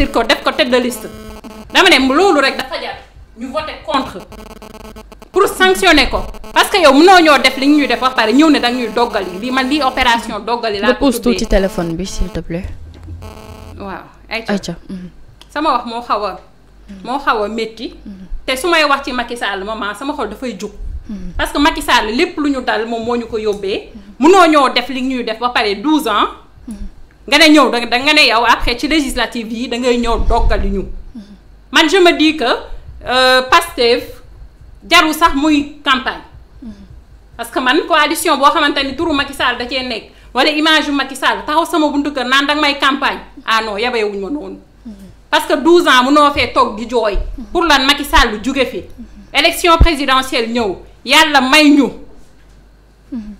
investir ko def ko tête de liste dama ne loolu rek dafa jar ñu voté contre pour sanctionner ko parce que yow mënoo ñoo def li ñuy def wax pare ñëw ne danga ñuy doggal yi lii man lii opération doggal yi. laa ko ci téléphone bi s'il te plaît. waaw ayca mhm. sama wax moo xaw a. moo xaw a métti. Mhm. te su may wax ci Macky Sall maman sama xol dafay jug. Mhm. parce que Macky Sall lépp lu ñu dal moom moo ñu ko yóbbee. mënoo ñoo def li ñuy def ba pare 12 ans. nga ne ñëw da nga ne yow après ci législative yi da ngay ñëw doggali ñu. man je me dis que euh, Pastef jarul sax muy campagne. parce que man coalition boo xamante ni turu Macky Sall da cee nekk wala image yu Macky Sall taxaw sama buntu kër naan danga may campagne ah non yabee wuñ ma noonu. parce que 12 ans munoo fee toog di jooy. pour lan Macky Sall lu jóge fi. élection présidentielle ñëw yàlla may ñu.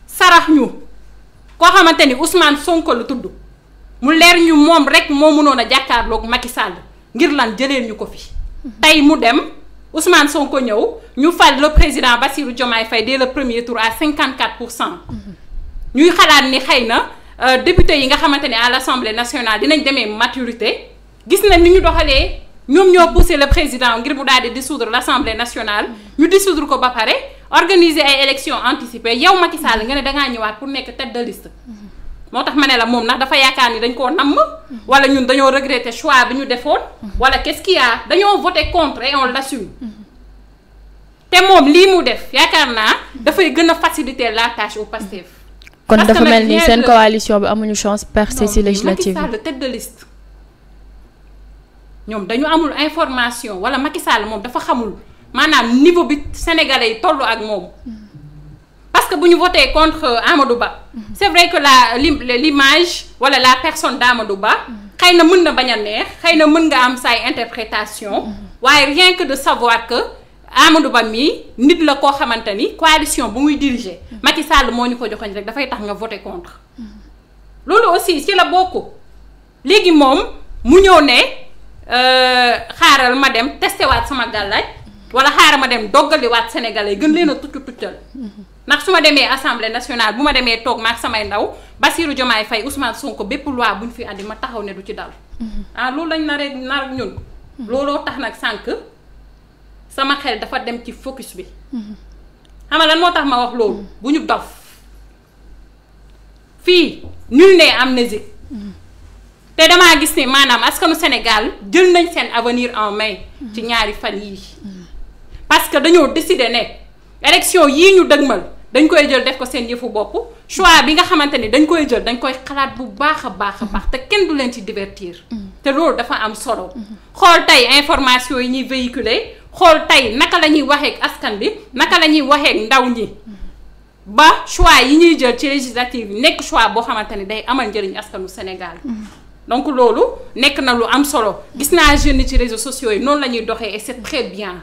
sarax ñu koo xamante ni Ousmane Sonko lu tudd. mu leer ñu moom rek moo mënoon a jàkkaarloog Macky Sall ngir lan jëlee ñu ko fi. tey mu dem Ousmane Sonko ñëw ñu fal le président Bassirou Diomaye fay dès le premier tour à quatre pour cent. ñuy xalaat ni xëy na euh, député yi nga xamante ne à l'Assemblée nationale dinañ demee maturité gis nañ ni ñu doxalee ñoom ñoo poussé le président ngir mu daal di dissoudre l'Assemblée nationale. ñu dissoudre ko ba pare organiser ay élections anticipées yow Macky Sall nga ne dangaa ñëwaat pour nekk tête de liste. moo tax ma ne la moom ndax dafa yaakaar ni dañ koo namm wala ñun dañoo regretter choix bi ñu defoon wala quest dañoo voté contre et on l'assume te moom lii mu def yaakaar naa dafay gën a faciliter la tâche au Pastef kon dafa mel ni seen coalition bi amuñu chance percer ci législative Macky Sall tête ñoom dañu amul information wala Macky moom dafa xamul maanaam niveau bi sénégalais yi toll ak moom que bu ñu voté contre euh, Amadou Ba. Mhm. c'est vrai que la l'image wala la personne d'Amadou Ba. Mhm. xëy na mën na bañ a neex xëy na mën nga am say interprétation. Mhm. waaye rien que de savoir que Amadou Ba mii nit la koo xamante ni coalition bu muy diriger. Macky Sall moo ñu ko joxoñ rek dafay tax nga vote contre. loolu aussi ci la bokk léegi moom mu ñëw ne euh, xaaral ma dem teste waat sama gàllaaj wala xaaral ma dem waat doggaliwaat Sénégalais gën leen a tucc tuccal ndax su ma demee assemblée nationale bu ma demee toog maak samay ndaw jomaay fay Faye Ousmane ko bépp loi bu ñu fi andi ma taxaw ne du ci dal. Mhm. ah loolu lañ naree nar ñun. Mhm. looloo tax nag sànq sama xel dafa dem ci focus bi. Mhm. xam nga moo tax ma wax loolu bu ñu dof fii ñu nul n'est amnésique te damaa gis ni maanaam askanu Sénégal jël nañ seen avenir en main. ci ñaari fan yii. parce que dañoo décider ne. élection yii ñu dëgmal dañ koy jël def ko seen yëfu bopp choix bi nga xamante ni dañ koy jël dañ koy xalaat bu baax a baax a baax te kenn du leen ci divertir. te loolu dafa am solo. xool tey information yi ñuy véhiculer xool tey naka la ñuy waxee askan bi naka la ñuy waxee ndaw ñi. ba choix yi ñuy jël ci législative bi nekk choix boo xamante ni day amal njëriñ askanu Sénégal. donc loolu nekk na lu am solo. gis naa jeunes ci réseau sociaux yi noonu la ñuy doxee et c'est très bien.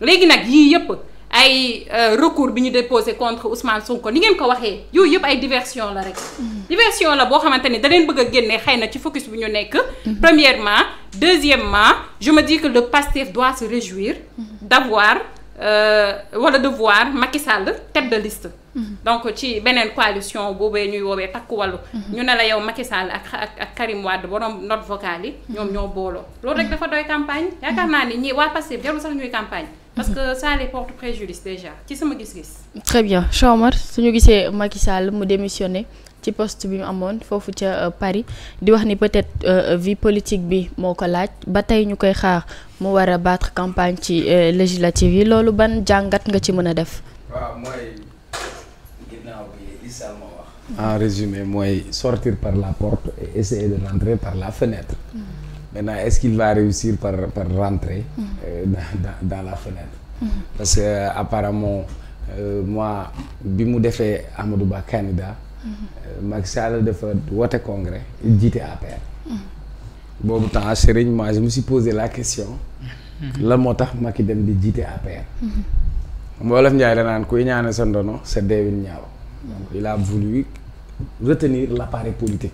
léegi nag yii yëpp. ay euh, recours bi ñu déposé contre Ousmane Sonko ni ngeen ko waxee yooyu yëpp ay diversion la rek. Mhm. diversion la boo xamante ni da bëgg a génne xëy na ci focus bu ñu nekk. Mhm. premièrement deuxièmement je de dis que le PASTEF doit se réjouir. Mhm. d'avoir euh, wala euh, de voir Macky Sall tête de liste. donc ci beneen coalition boobee ñuy woowee takku wàllu. ñu ne la yow Macky Sall ak ak ak Karim Wade borom note vocale yi. ñoom ñoo booloo. loolu rek dafa doy campagne. yaakaar naa ni ñii waa Pastef sax ñuy campagne. parce que ça les porte préjudice ci sama gis-gis. très bien Chomar su ñu gisee Macky Sall mu démissionné ci poste bi mu amoon foofu ca euh, Paris di wax ni peut-être euh, euh, vie politique bi moo ko laaj ba tey ñu koy xaar mu war a battre campagne ci législative yi loolu ban jàngat nga ci mën a def. en résumé mooy sortir par la porte et essayer de rentrer par la fenêtre. Mm. maintenant est-ce qu'il va réussir par par rentrer euh, dans, la fenêtre parce que euh, apparemment euh, moi bi mu defee Amadou Ba candidat Macky Sall dafa woote congrès jiite APR boobu temps Serigne moi je me suis la question lan moo tax Macky dem di jiite APR Wolof Njaay da naan kuy ñaane sa ndono sa deewin ñaaw donc il a voulu retenir l'appareil politique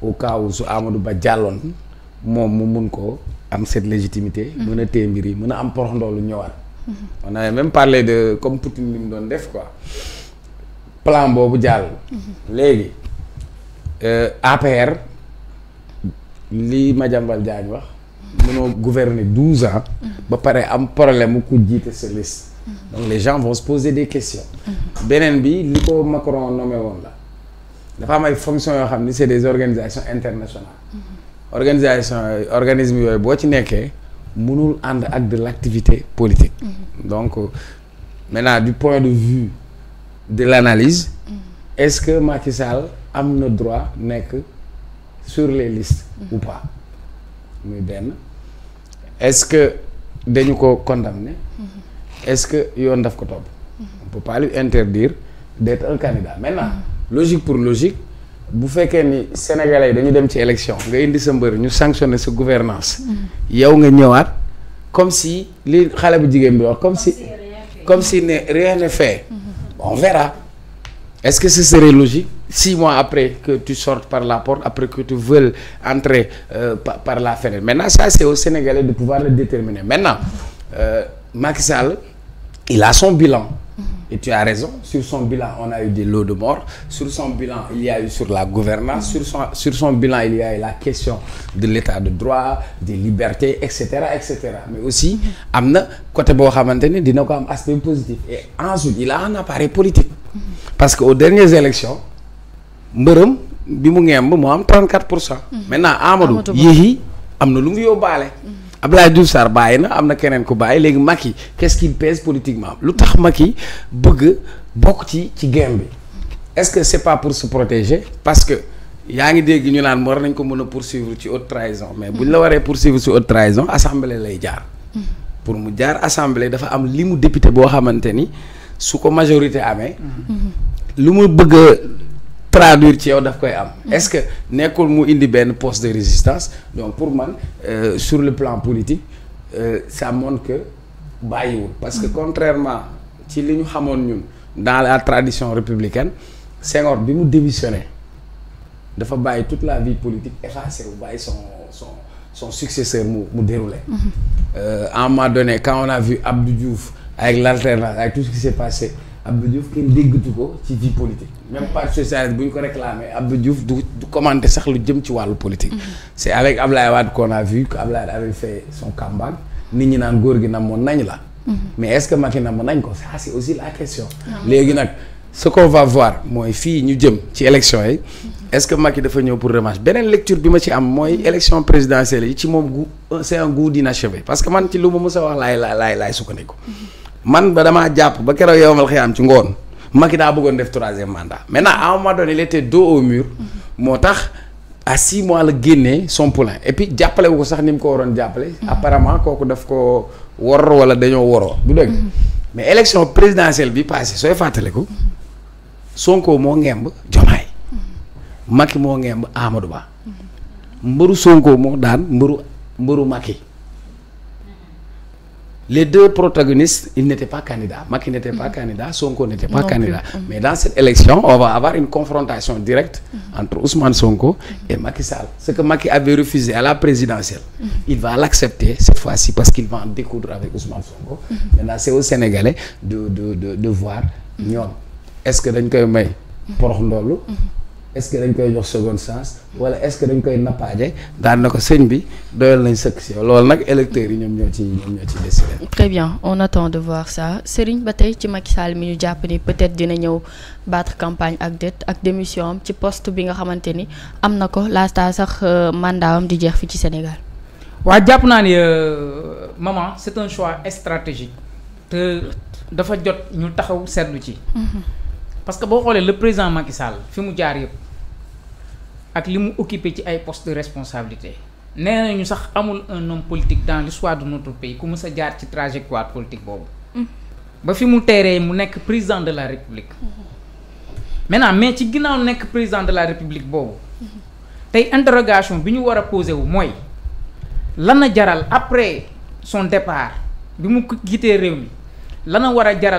au cas su Amadou Ba jàlloon moom mu mun koo am cette légitimité. Mm-hmm. mën a téye mbir yi mën a am poroxndoolu ñëwaat. on avait même parlé de comme Poutine li mu doon def ko plan boobu jàll. Mm-hmm. léegi euh, APR li Madiambal Diagne wax. mënoo gouverner douze ans. Mm-hmm. ba pare am problème mu ku jiite sa donc les gens vont se question beneen bi li ko Macron nommé woon la dafa am ay fonctions yoo xam ni c'est des organisations internationales. organisation organisme yooyu boo ci nekkee mënul ànd ak de l'activité politique. Mhm. donc maintenant du point de vue de l'analyse. Mhm. est-ce que Macky Sall am na droit nekk sur les listes. Mhm. ou pas muy benn est-ce que dañu ko condamner. est-ce que yoon daf ko topp. on peut pas lui un candidat maintenant logique pour logique. bu fekkee ni sénégalais yi dañu dem ci élection nga indi sa mbër ñu sanctionné sa gouvernance yow nga ñëwaat comme si li xale bu jigéen bi wax comme si comme si ne rien fait mhm. on verra est-ce que ce serait logique six mois après que tu sortes par la porte après que tu veux entrer euh, par, par la fenêtre maintenant ça c'est aux Sénégalais de pouvoir le déterminer maintenant euh, Macky Sall il a son bilan et tu as raison sur son bilan on a eu des lots de morts sur son bilan il y eu sur la gouvernance sur son sur son bilan il y a eu la question de l'état de droit des libertés et cetera et cetera mais aussi am na côté boo xamante ne dina ko am aspect positif et ensuite il a un appareil politique parce que aux dernières élections mbërëm bi mu ngemb mu am 34 pour cent mmh. maintenant Amadou yéexi am na lu mu yóbbaale mmh. Abdoulaye Diouf Sarr bàyyi na am na keneen ku bàyyi léegi Macky qu'est-ce qu'il politiquement lu tax yi bëgg bokk ci ci game bi est-ce que c'est pas pour se protéger parce que yaa ngi dégg ñu naan war nañ ko mën a pour poursuivre ci haute trahison mais buñ la waree poursuivre ci haute trahison assemblée lay jaar pour mu jaar assemblée dafa am li mu député boo xamante ni su ko majorité amee lu mu bëgg traduire ci yow daf koy am est-ce que nekkul mu indi benn poste de résistance donc pour man euh, sur le plan politique euh, ça montre que bàyyiwul parce que contrairement ci li ñu xamoon ñun dans la tradition républicaine Senghor bi mu démissionné dafa bàyyi toute la vie politique effacé wu bàyyi son son son successeur mu mu déroulé mm-hmm. euh, à un donné quand on a vu Abdou Diouf avec l'alternance ay tout ce qui s'est passé Abdou Diouf kenn déggatu ko ci vie politique même parti socialiste bu ñu ko réclamé Abdou Diouf du du commenter sax lu jëm ci wàllu politique. Mm-hmm. c' est avec Ablaye Wade qu' on a vu que Ablaye avait fait son comeback nit ñi naan góor gi nam namoon nañ la. Mm-hmm. mais est ce que Macky namoon nañ ko ça c' est aussi la question. Ah, léegi nag ce qu' mooy fii ñu jëm ci élection yi. Mm-hmm. est ce que Macky dafa ñëw pour revanche beneen lecture bi ma ci am mooy élection présidentielle yi ci moom gu c' est un parce que man ci lu ma mës a wax laay laay laay sukkandiku. man ba damaa jàpp ba keroog yowmal xiyaam ci ngoon Macky daa bëggoon def troisième mandat maintenant à un moment donné il était dos au mhm. moo tax à six mois la génnee son poulain et puis jàppale ko sax ni mu ko waroon jàppale. Mhm. apparemment kooku daf ko wor wala dañoo woroo du dëgg mhm. mais élection présidentielle bi passé sooy ko Sonko moo ngemb Jomaay Macky moo ngemb Amadou Ba mbëru Sonko moo daan mbëru mbëru Macky les deux protagonistes ils n'étaient pas candidats Macky n'était pas candidat Sonko n'était pas candidat mm. mais dans cette élection on va avoir une confrontation directe entre Ousmane Sonko et Macky Sall ce que Macky avait refusé à la présidentielle mm. il va l'accepter cette fois-ci parce qu'il va en découdre avec Ousmane Sonko mm. maintenant c'est aux Sénégalais de de de de voir est-ce que dañ koy may porox ndoolu est-ce que dañ koy jox seconde chance wala est-ce que dañ koy nappaaje daan na ko sëñ bi doyal nañ sëkk si yow loolu nag électeurs yi ñoom ñoo ci ñoom ñoo ci décidé. très bien on attend de voir ça Serigne ba tey ci Macky Sall mi ñu jàpp ni peut-être dina ñëw battre campagne ak det ak démission am ci post bi nga xamante ni am na ko laata sax euh, mandat am di jeex fi ci Sénégal. waa jàpp naa ni euh, maman c'est un choix stratégique te dafa jot ñu taxaw seetlu ci. Mhm. parce que boo xoolee le président Macky Sall fi mu jaar yëpp ak li mu occupé ci ay post de responsabilité nee nañu sax amul un homme politique dans l'histoire de notre pays ku mës a jaar ci trajectoire politique boobu. Mm. ba fi mu teeree mu nekk président de la république. Mm-hmm. maintenant mais ci ginnaaw nekk président de la république boobu. Mm-hmm. tey interrogation bi ñu war a posé wu mooy lan la jaral après son départ bi mu giitee réew mi lan war a jaral.